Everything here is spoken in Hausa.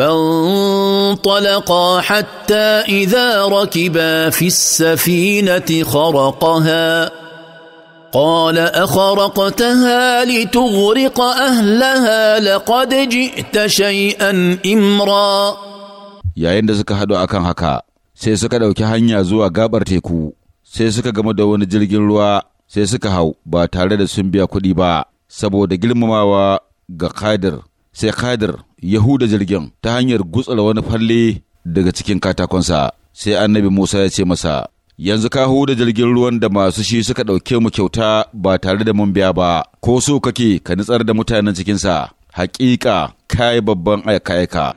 فانطلقا حتى اذا ركبا في السفينه خرقها قال اخرقتها لتغرق اهلها لقد جئت شيئا امرا yayin da suka haɗu akan haka sai suka ɗauki hanya zuwa gabar teku sai suka gama da wani jirgin ruwa sai suka hau ba tare da sun biya kuɗi ba saboda girmamawa ga kadir sai kadar ya huda jirgin ta hanyar gutsura wani falle daga cikin katakonsa sai annabi musa ya ce masa yanzu ka huda jirgin ruwan da masu shi suka ɗauke mu kyauta ba tare da mun biya ba ko so kake ka nutsar da mutanen cikinsa hakika kai babban aika-aika